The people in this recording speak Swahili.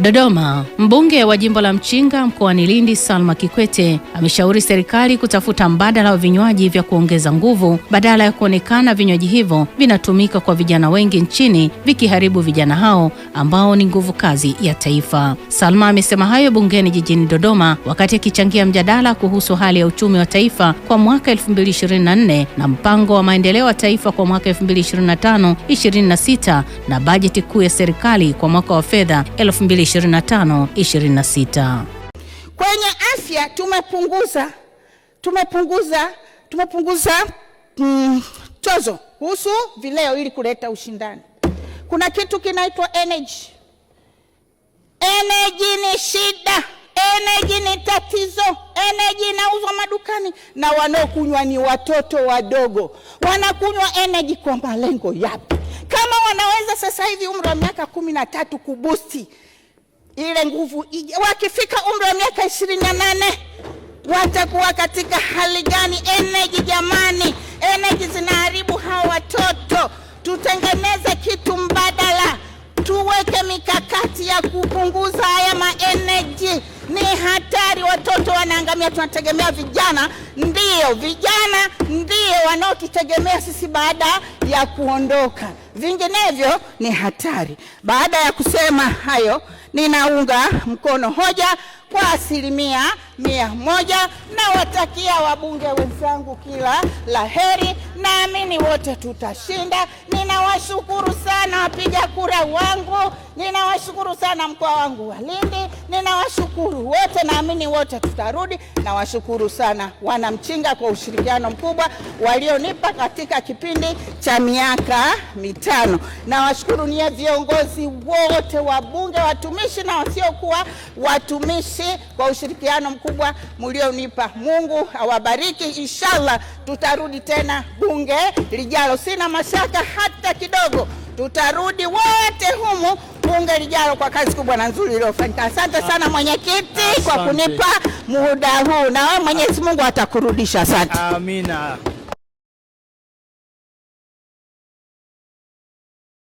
Dodoma, mbunge wa jimbo la Mchinga mkoani Lindi Salma Kikwete ameshauri serikali kutafuta mbadala wa vinywaji vya kuongeza nguvu badala ya kuonekana vinywaji hivyo vinatumika kwa vijana wengi nchini vikiharibu vijana hao ambao ni nguvu kazi ya taifa. Salma amesema hayo bungeni jijini Dodoma wakati akichangia mjadala kuhusu hali ya uchumi wa taifa kwa mwaka 2024 na mpango wa maendeleo wa taifa kwa mwaka 2025-2026 na bajeti kuu ya serikali kwa mwaka wa fedha 25 Kwenye afya tumepunguza tumepunguza tumepunguza mm, tozo kuhusu vileo ili kuleta ushindani. Kuna kitu kinaitwa energy. Energy ni shida, energy ni tatizo, energy inauzwa madukani na wanaokunywa ni watoto wadogo. Wanakunywa energy kwa malengo yapi? Kama wanaweza sasa hivi umri wa miaka kumi na tatu kubusti ile nguvu ije. Wakifika umri wa miaka ishirini na nane watakuwa katika hali gani? Eneji jamani, eneji zinaharibu hawa watoto. Tutengeneze kitu mbadala, tuweke mikakati ya kupunguza haya maeneji. Ni hatari, watoto wanaangamia. Tunategemea vijana, ndio vijana ndio wanaotutegemea sisi baada ya kuondoka, vinginevyo ni hatari. Baada ya kusema hayo ninaunga mkono hoja kwa asilimia mia moja. Nawatakia wabunge wenzangu kila laheri, naamini wote tutashinda. Ninawashukuru sana wapiga kura wangu, ninawashukuru sana mkoa wangu wa Lindi, ninawashukuru wote, naamini wote tutarudi. Nawashukuru sana wanamchinga kwa ushirikiano mkubwa walionipa katika kipindi cha miaka mitano. Nawashukuru nia viongozi wote, wabunge, watumishi na wasiokuwa watumishi kwa ushirikiano mkubwa kubwa mlionipa. Mungu awabariki, inshallah tutarudi tena bunge lijalo, sina mashaka hata kidogo, tutarudi wote humu bunge lijalo kwa kazi kubwa na nzuri iliyofanyika. Asante sana mwenyekiti kwa kunipa muda huu, na wewe Mwenyezi Mungu atakurudisha. Asante, amina.